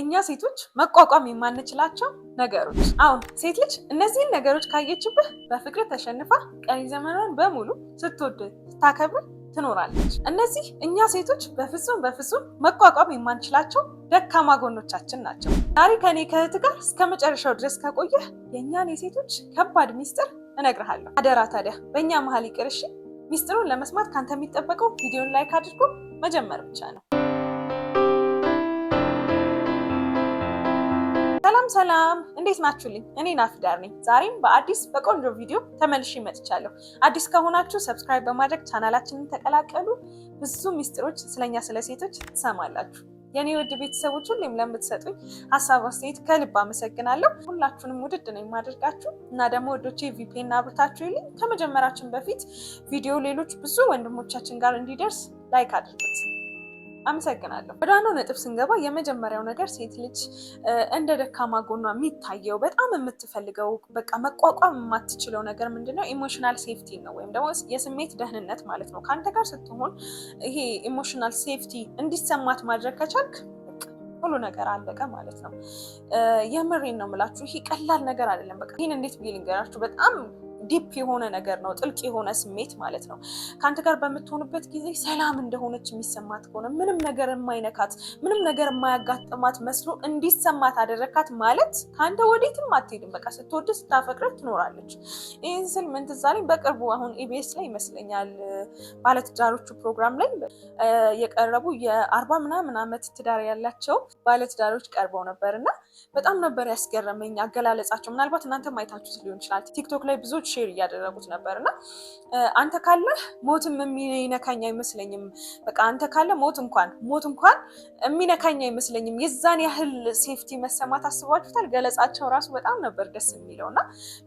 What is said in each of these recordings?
እኛ ሴቶች መቋቋም የማንችላቸው ነገሮች። አሁን ሴት ልጅ እነዚህን ነገሮች ካየችብህ በፍቅር ተሸንፋ ቀሪ ዘመኗን በሙሉ ስትወድ ስታከብር ትኖራለች። እነዚህ እኛ ሴቶች በፍጹም በፍጹም መቋቋም የማንችላቸው ደካማ ጎኖቻችን ናቸው። ዛሬ ከእኔ ከእህት ጋር እስከ መጨረሻው ድረስ ከቆየህ የእኛን የሴቶች ከባድ ሚስጥር እነግርሃለሁ። አደራ ታዲያ በእኛ መሀል ይቅርሽ። ሚስጥሩን ለመስማት ካንተ የሚጠበቀው ቪዲዮን ላይክ አድርጎ መጀመር ብቻ ነው። ሰላም ሰላም እንዴት ናችሁልኝ? እኔ ናፊዳር ነኝ። ዛሬም በአዲስ በቆንጆ ቪዲዮ ተመልሼ መጥቻለሁ። አዲስ ከሆናችሁ ሰብስክራይብ በማድረግ ቻናላችንን ተቀላቀሉ። ብዙ ሚስጥሮች ስለኛ ስለ ሴቶች ትሰማላችሁ። የኔ ውድ ቤተሰቦች ሁሌም ለምትሰጡኝ ሀሳብ፣ አስተያየት ከልብ አመሰግናለሁ። ሁላችሁንም ውድድ ነው የማደርጋችሁ እና ደግሞ ወዶቼ ቪፒን አብርታችሁ ይልኝ ከመጀመራችን በፊት ቪዲዮ ሌሎች ብዙ ወንድሞቻችን ጋር እንዲደርስ ላይክ አድርጉት። አመሰግናለሁ። ወደ አንዱ ነጥብ ስንገባ የመጀመሪያው ነገር ሴት ልጅ እንደ ደካማ ጎኗ የሚታየው በጣም የምትፈልገው በቃ መቋቋም የማትችለው ነገር ምንድነው? ኢሞሽናል ሴፍቲ ነው፣ ወይም ደግሞ የስሜት ደህንነት ማለት ነው። ከአንተ ጋር ስትሆን ይሄ ኢሞሽናል ሴፍቲ እንዲሰማት ማድረግ ከቻልክ ሁሉ ነገር አለቀ ማለት ነው። የምሬን ነው የምላችሁ። ይሄ ቀላል ነገር አይደለም። በቃ ይህን እንዴት ብዬ ልንገራችሁ በጣም ዲፕ የሆነ ነገር ነው፣ ጥልቅ የሆነ ስሜት ማለት ነው። ከአንተ ጋር በምትሆንበት ጊዜ ሰላም እንደሆነች የሚሰማት ከሆነ ምንም ነገር የማይነካት ምንም ነገር የማያጋጥማት መስሎ እንዲሰማት አደረካት ማለት ከአንተ ወዴትም አትሄድም። በቃ ስትወድ ስታፈቅረ ትኖራለች። ይህን ስል ምን ትዝ አለኝ? በቅርቡ አሁን ኢቢኤስ ላይ ይመስለኛል ባለትዳሮቹ ፕሮግራም ላይ የቀረቡ የአርባ ምናምን ዓመት ትዳር ያላቸው ባለትዳሮች ቀርበው ነበር እና በጣም ነበር ያስገረመኝ አገላለጻቸው። ምናልባት እናንተ ማየታችሁት ሊሆን ይችላል ቲክቶክ ላይ ብዙዎች ሼር እያደረጉት ነበር እና አንተ ካለ ሞትም የሚነካኝ አይመስለኝም። በቃ አንተ ካለ ሞት እንኳን ሞት እንኳን የሚነካኝ አይመስለኝም። የዛን ያህል ሴፍቲ መሰማት አስባችሁታል? ገለጻቸው ራሱ በጣም ነበር ደስ የሚለው እና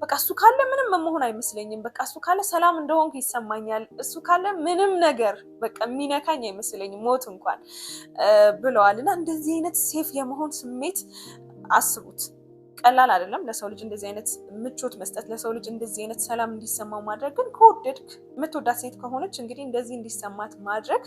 በቃ እሱ ካለ ምንም መሆን አይመስለኝም። በቃ እሱ ካለ ሰላም እንደሆንኩ ይሰማኛል። እሱ ካለ ምንም ነገር በቃ የሚነካኝ አይመስለኝም ሞት እንኳን ብለዋል እና እንደዚህ አይነት ሴፍ የመሆን ስሜት አስቡት። ቀላል አይደለም። ለሰው ልጅ እንደዚህ አይነት ምቾት መስጠት፣ ለሰው ልጅ እንደዚህ አይነት ሰላም እንዲሰማው ማድረግ ግን ከወደድክ የምትወዳት ሴት ከሆነች እንግዲህ እንደዚህ እንዲሰማት ማድረግ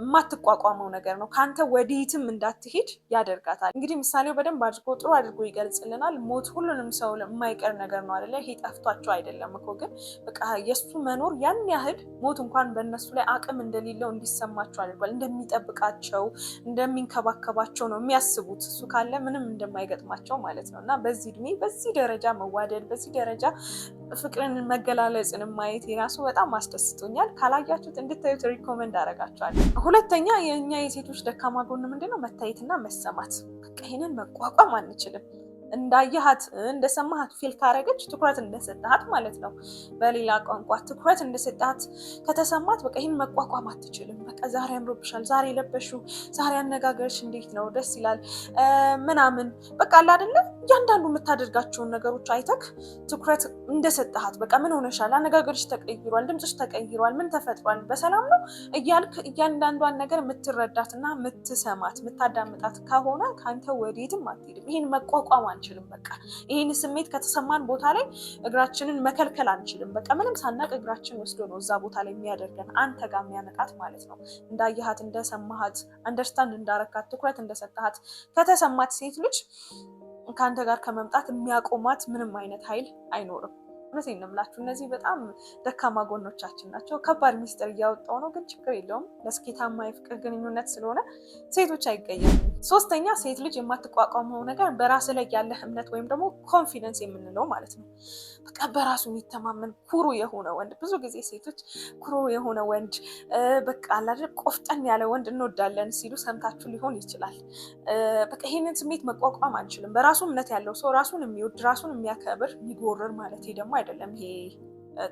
የማትቋቋመው ነገር ነው። ከአንተ ወዴትም እንዳትሄድ ያደርጋታል። እንግዲህ ምሳሌው በደንብ አድርጎ ጥሩ አድርጎ ይገልጽልናል። ሞት ሁሉንም ሰው የማይቀር ነገር ነው አይደለ? ይሄ ጠፍቷቸው አይደለም እኮ ግን በቃ የእሱ መኖር ያን ያህል ሞት እንኳን በእነሱ ላይ አቅም እንደሌለው እንዲሰማቸው አድርጓል። እንደሚጠብቃቸው እንደሚንከባከባቸው ነው የሚያስቡት። እሱ ካለ ምንም እንደማይገጥማቸው ማለት ነው። ነው እና በዚህ እድሜ በዚህ ደረጃ መዋደድ፣ በዚህ ደረጃ ፍቅርን መገላለጽን ማየት የራሱ በጣም አስደስቶኛል። ካላያችሁት እንድታዩት ሪኮመንድ አደርጋችኋለሁ። ሁለተኛ የእኛ የሴቶች ደካማ ጎን ምንድነው? መታየትና መሰማት። በቃ ይህንን መቋቋም አንችልም። እንዳየሃት እንደሰማሃት ፊል ካረገች ትኩረት እንደሰጠሃት ማለት ነው። በሌላ ቋንቋ ትኩረት እንደሰጠሃት ከተሰማት በቃ ይህን መቋቋም አትችልም። በቃ ዛሬ አምሮብሻል፣ ዛሬ ለበሹ፣ ዛሬ አነጋገርሽ እንዴት ነው ደስ ይላል ምናምን በቃ አለ አይደለ እያንዳንዱ የምታደርጋቸውን ነገሮች አይተክ ትኩረት እንደሰጠሃት በቃ ምን ሆነሻል፣ አነጋገርሽ ተቀይሯል፣ ድምፅሽ ተቀይሯል፣ ምን ተፈጥሯል፣ በሰላም ነው እያልክ እያንዳንዷን ነገር የምትረዳትና የምትሰማት የምታዳምጣት ከሆነ ከአንተ ወዴትም አትሄድም። ይህን መቋቋም አንችልም። በቃ ይህን ስሜት ከተሰማን ቦታ ላይ እግራችንን መከልከል አንችልም። በቃ ምንም ሳናቅ እግራችን ወስዶ ነው እዛ ቦታ ላይ የሚያደርገን አንተ ጋር የሚያመጣት ማለት ነው። እንዳየሃት፣ እንደሰማሃት፣ አንደርስታንድ እንዳረካት፣ ትኩረት እንደሰጠሃት ከተሰማት ሴት ልጅ ከአንተ ጋር ከመምጣት የሚያቆማት ምንም አይነት ኃይል አይኖርም። እውነቴን እንምላችሁ እነዚህ በጣም ደካማ ጎኖቻችን ናቸው። ከባድ ሚስጥር እያወጣው ነው፣ ግን ችግር የለውም ለስኬታማ የፍቅር ግንኙነት ስለሆነ ሴቶች አይቀየም ሶስተኛ ሴት ልጅ የማትቋቋመው ነገር በራስ ላይ ያለህ እምነት ወይም ደግሞ ኮንፊደንስ የምንለው ማለት ነው። በቃ በራሱ የሚተማመን ኩሩ የሆነ ወንድ። ብዙ ጊዜ ሴቶች ኩሩ የሆነ ወንድ በቃ አላደለ ቆፍጠን ያለ ወንድ እንወዳለን ሲሉ ሰምታችሁ ሊሆን ይችላል። በቃ ይህንን ስሜት መቋቋም አንችልም። በራሱ እምነት ያለው ሰው ራሱን የሚወድ ራሱን የሚያከብር የሚጎርር ማለት ደግሞ አይደለም ይሄ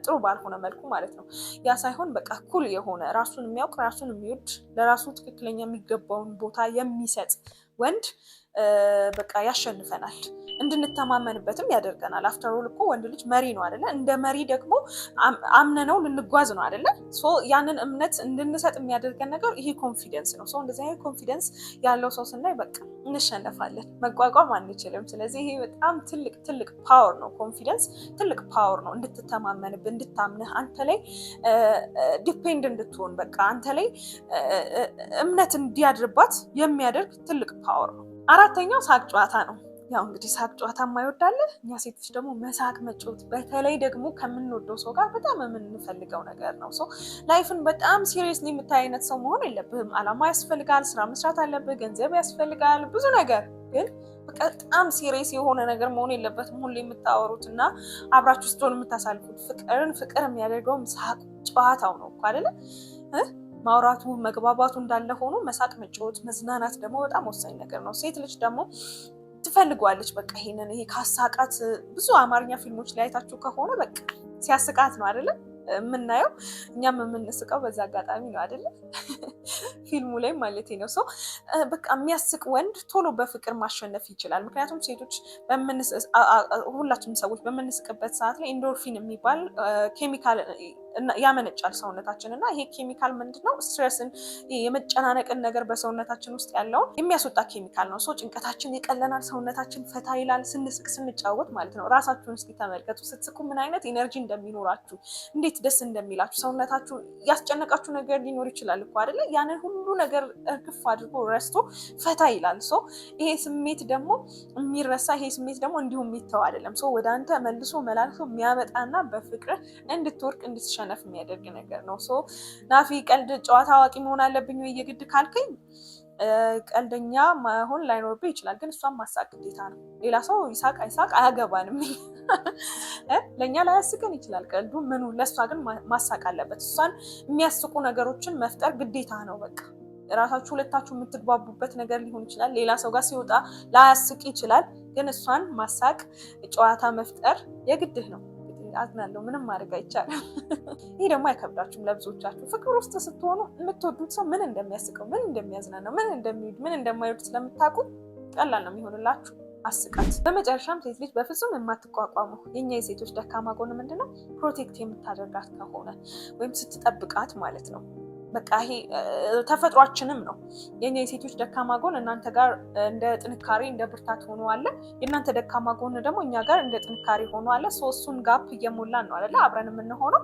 ጥሩ ባልሆነ መልኩ ማለት ነው። ያ ሳይሆን በቃ እኩል የሆነ ራሱን የሚያውቅ ራሱን የሚወድ ለራሱ ትክክለኛ የሚገባውን ቦታ የሚሰጥ ወንድ በቃ ያሸንፈናል፣ እንድንተማመንበትም ያደርገናል። አፍተር ኦል እኮ ወንድ ልጅ መሪ ነው አደለ? እንደ መሪ ደግሞ አምነነው ልንጓዝ ነው አደለ? ያንን እምነት እንድንሰጥ የሚያደርገን ነገር ይሄ ኮንፊደንስ ነው። እንደዚህ አይነት ኮንፊደንስ ያለው ሰው ስናይ በቃ እንሸነፋለን፣ መቋቋም አንችልም። ስለዚህ ይሄ በጣም ትልቅ ትልቅ ፓወር ነው። ኮንፊደንስ ትልቅ ፓወር ነው። እንድትተማመንብ፣ እንድታምንህ፣ አንተ ላይ ዲፔንድ እንድትሆን በቃ አንተ ላይ እምነት እንዲያድርባት የሚያደርግ ትልቅ ፓወር ነው። አራተኛው ሳቅ ጨዋታ ነው። ያው እንግዲህ ሳቅ ጨዋታ የማይወዳለ እኛ ሴቶች ደግሞ መሳቅ መጫወት፣ በተለይ ደግሞ ከምንወደው ሰው ጋር በጣም የምንፈልገው ነገር ነው። ሰው ላይፍን በጣም ሲሪየስ የምታይ አይነት ሰው መሆን የለብህም። አላማ ያስፈልጋል፣ ስራ መስራት አለብህ፣ ገንዘብ ያስፈልጋል፣ ብዙ ነገር ግን በጣም ሲሪየስ የሆነ ነገር መሆን የለበትም። ሁሌ የምታወሩት እና አብራችሁ ስትሆን የምታሳልፉት ፍቅርን ፍቅር የሚያደርገውም ሳቅ ጨዋታው ነው እኮ አይደለ? ማውራቱ መግባባቱ እንዳለ ሆኖ መሳቅ፣ መጫወት፣ መዝናናት ደግሞ በጣም ወሳኝ ነገር ነው። ሴት ልጅ ደግሞ ትፈልጓለች። በቃ ይሄንን ይሄ ካሳቃት ብዙ አማርኛ ፊልሞች ላይ አይታችሁ ከሆነ በቃ ሲያስቃት ነው አይደለም የምናየው እኛም የምንስቀው በዛ አጋጣሚ ነው አይደለም ፊልሙ ላይ ማለት ነው። ሰው በቃ የሚያስቅ ወንድ ቶሎ በፍቅር ማሸነፍ ይችላል። ምክንያቱም ሴቶች ሁላችንም ሰዎች በምንስቅበት ሰዓት ላይ ኢንዶርፊን የሚባል ኬሚካል ያመነጫል ሰውነታችን እና ይሄ ኬሚካል ምንድነው ነው? ስትረስን የመጨናነቅን ነገር በሰውነታችን ውስጥ ያለውን የሚያስወጣ ኬሚካል ነው። ሰው ጭንቀታችን ይቀለናል፣ ሰውነታችን ፈታ ይላል። ስንስቅ ስንጫወት ማለት ነው። ራሳችሁን እስኪ ተመልከቱ። ስትስቁ ምን አይነት ኢነርጂ እንደሚኖራችሁ እንዴት ደስ እንደሚላችሁ ሰውነታችሁ ያስጨነቃችሁ ነገር ሊኖር ይችላል እኮ አይደለ? ያንን ሁሉ ነገር እርግፍ አድርጎ ረስቶ ፈታ ይላል። ሶ ይሄ ስሜት ደግሞ የሚረሳ ይሄ ስሜት ደግሞ እንዲሁ የሚተው አይደለም። ሶ ወደ አንተ መልሶ መላልሶ የሚያመጣና በፍቅር እንድትወርቅ እንድትሸ ሸነፍ የሚያደርግ ነገር ነው። ሶ ናፊ ቀልድ ጨዋታ አዋቂ መሆን አለብኝ ወይ የግድ ካልከኝ ቀልደኛ መሆን ላይኖርብህ ይችላል፣ ግን እሷን ማሳቅ ግዴታ ነው። ሌላ ሰው ይሳቅ አይሳቅ አያገባንም። ለእኛ ላያስቀን ይችላል ቀልዱ ምኑ፣ ለእሷ ግን ማሳቅ አለበት። እሷን የሚያስቁ ነገሮችን መፍጠር ግዴታ ነው። በቃ ራሳችሁ ሁለታችሁ የምትግባቡበት ነገር ሊሆን ይችላል። ሌላ ሰው ጋር ሲወጣ ላያስቅ ይችላል፣ ግን እሷን ማሳቅ ጨዋታ መፍጠር የግድህ ነው። አዝናለሁ፣ ምንም ማድረግ አይቻልም። ይህ ደግሞ አይከብዳችሁም። ለብዙዎቻችሁ ፍቅር ውስጥ ስትሆኑ የምትወዱት ሰው ምን እንደሚያስቀው፣ ምን እንደሚያዝናነው፣ ምን እንደሚወድ፣ ምን እንደማይወድ ስለምታውቁ ቀላል ነው የሚሆንላችሁ። አስቃት በመጨረሻም ሴት ልጅ በፍጹም የማትቋቋመው የኛ የሴቶች ደካማ ጎን ምንድነው? ፕሮቴክት የምታደርጋት ከሆነ ወይም ስትጠብቃት ማለት ነው በቃ ይሄ ተፈጥሯችንም ነው። የኛ የሴቶች ደካማ ጎን እናንተ ጋር እንደ ጥንካሬ እንደ ብርታት ሆኖ አለ። የእናንተ ደካማ ጎን ደግሞ እኛ ጋር እንደ ጥንካሬ ሆኖ አለ። ሶ ጋፕ እየሞላን ነው አለ አብረን የምንሆነው።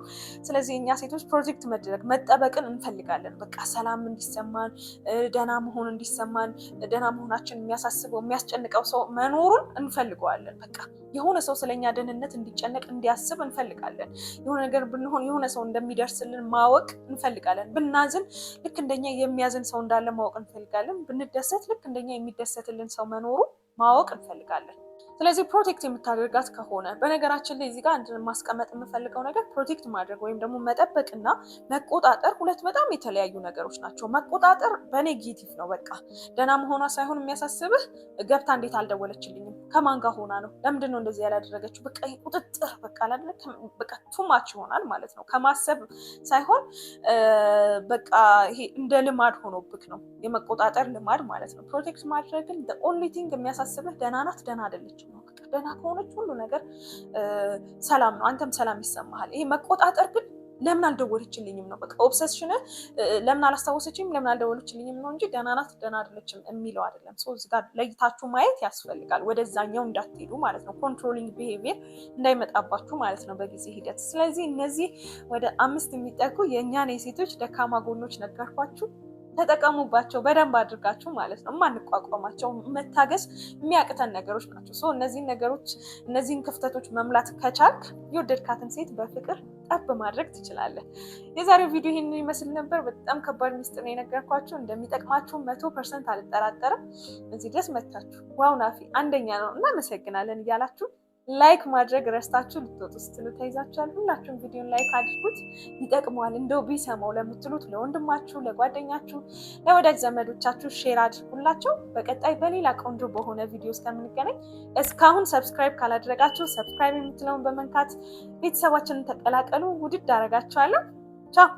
ስለዚህ እኛ ሴቶች ፕሮጀክት መደረግ መጠበቅን እንፈልጋለን። በቃ ሰላም እንዲሰማን፣ ደህና መሆን እንዲሰማን፣ ደህና መሆናችን የሚያሳስበው የሚያስጨንቀው ሰው መኖሩን እንፈልገዋለን። በቃ የሆነ ሰው ስለኛ ደህንነት እንዲጨነቅ እንዲያስብ እንፈልጋለን። የሆነ ነገር ብንሆን የሆነ ሰው እንደሚደርስልን ማወቅ እንፈልጋለን ብና ስናዝን ልክ እንደኛ የሚያዝን ሰው እንዳለ ማወቅ እንፈልጋለን። ብንደሰት ልክ እንደኛ የሚደሰትልን ሰው መኖሩ ማወቅ እንፈልጋለን። ስለዚህ ፕሮቴክት የምታደርጋት ከሆነ በነገራችን ላይ እዚህ ጋር ማስቀመጥ የምፈልገው ነገር ፕሮቴክት ማድረግ ወይም ደግሞ መጠበቅና መቆጣጠር ሁለት በጣም የተለያዩ ነገሮች ናቸው። መቆጣጠር በኔጌቲቭ ነው። በቃ ደህና መሆኗ ሳይሆን የሚያሳስብህ ገብታ እንዴት አልደወለችልኝም፣ ከማን ጋር ሆና ነው፣ ለምንድን ነው እንደዚህ ያላደረገችው፣ በቃ ቁጥጥር በቃ ላለ በቃ ቱማች ይሆናል ማለት ነው። ከማሰብ ሳይሆን በቃ ይሄ እንደ ልማድ ሆኖብክ ነው፣ የመቆጣጠር ልማድ ማለት ነው። ፕሮቴክት ማድረግን ኦንሊ ቲንግ የሚያሳስብህ ደህና ናት፣ ደህና አይደለች ምንድን ነው ፍቅር ደህና ከሆነች ሁሉ ነገር ሰላም ነው፣ አንተም ሰላም ይሰማሃል። ይሄ መቆጣጠር ግን ለምን አልደወለችልኝም ነው በቃ ኦብሰሽን ለምን አላስታወሰችኝም ለምን አልደወለችልኝም ነው እንጂ ደህና ናት ደህና አይደለችም የሚለው አይደለም። ሰው እዚህ ጋር ለይታችሁ ማየት ያስፈልጋል። ወደዛኛው እንዳትሄዱ ማለት ነው፣ ኮንትሮሊንግ ቢሄቪየር እንዳይመጣባችሁ ማለት ነው በጊዜ ሂደት። ስለዚህ እነዚህ ወደ አምስት የሚጠጉ የእኛን የሴቶች ደካማ ጎኖች ነገርኳችሁ። ተጠቀሙባቸው በደንብ አድርጋችሁ ማለት ነው። የማንቋቋማቸው መታገስ የሚያቅተን ነገሮች ናቸው። ሰው እነዚህን ነገሮች እነዚህን ክፍተቶች መምላት ከቻልክ የወደድካትን ሴት በፍቅር ጠብ ማድረግ ትችላለህ። የዛሬው ቪዲዮ ይህንን ይመስል ነበር። በጣም ከባድ ሚስጥር ነው የነገርኳቸው። እንደሚጠቅማችሁ መቶ ፐርሰንት አልጠራጠርም። እዚህ ድረስ መታችሁ ዋው ናፊ አንደኛ ነው እናመሰግናለን እያላችሁ ላይክ ማድረግ ረስታችሁ ልትወጡ ስትሉ ተይዛችኋል። ሁላችሁም ቪዲዮን ላይክ አድርጉት፣ ይጠቅመዋል እንደው ቢሰማው ለምትሉት ለወንድማችሁ፣ ለጓደኛችሁ፣ ለወዳጅ ዘመዶቻችሁ ሼር አድርጉላቸው። በቀጣይ በሌላ ቆንጆ በሆነ ቪዲዮ እስከምንገናኝ እስካሁን ሰብስክራይብ ካላደረጋችሁ ሰብስክራይብ የምትለውን በመንካት ቤተሰባችንን ተቀላቀሉ። ውድድ አደርጋችኋለሁ። ቻው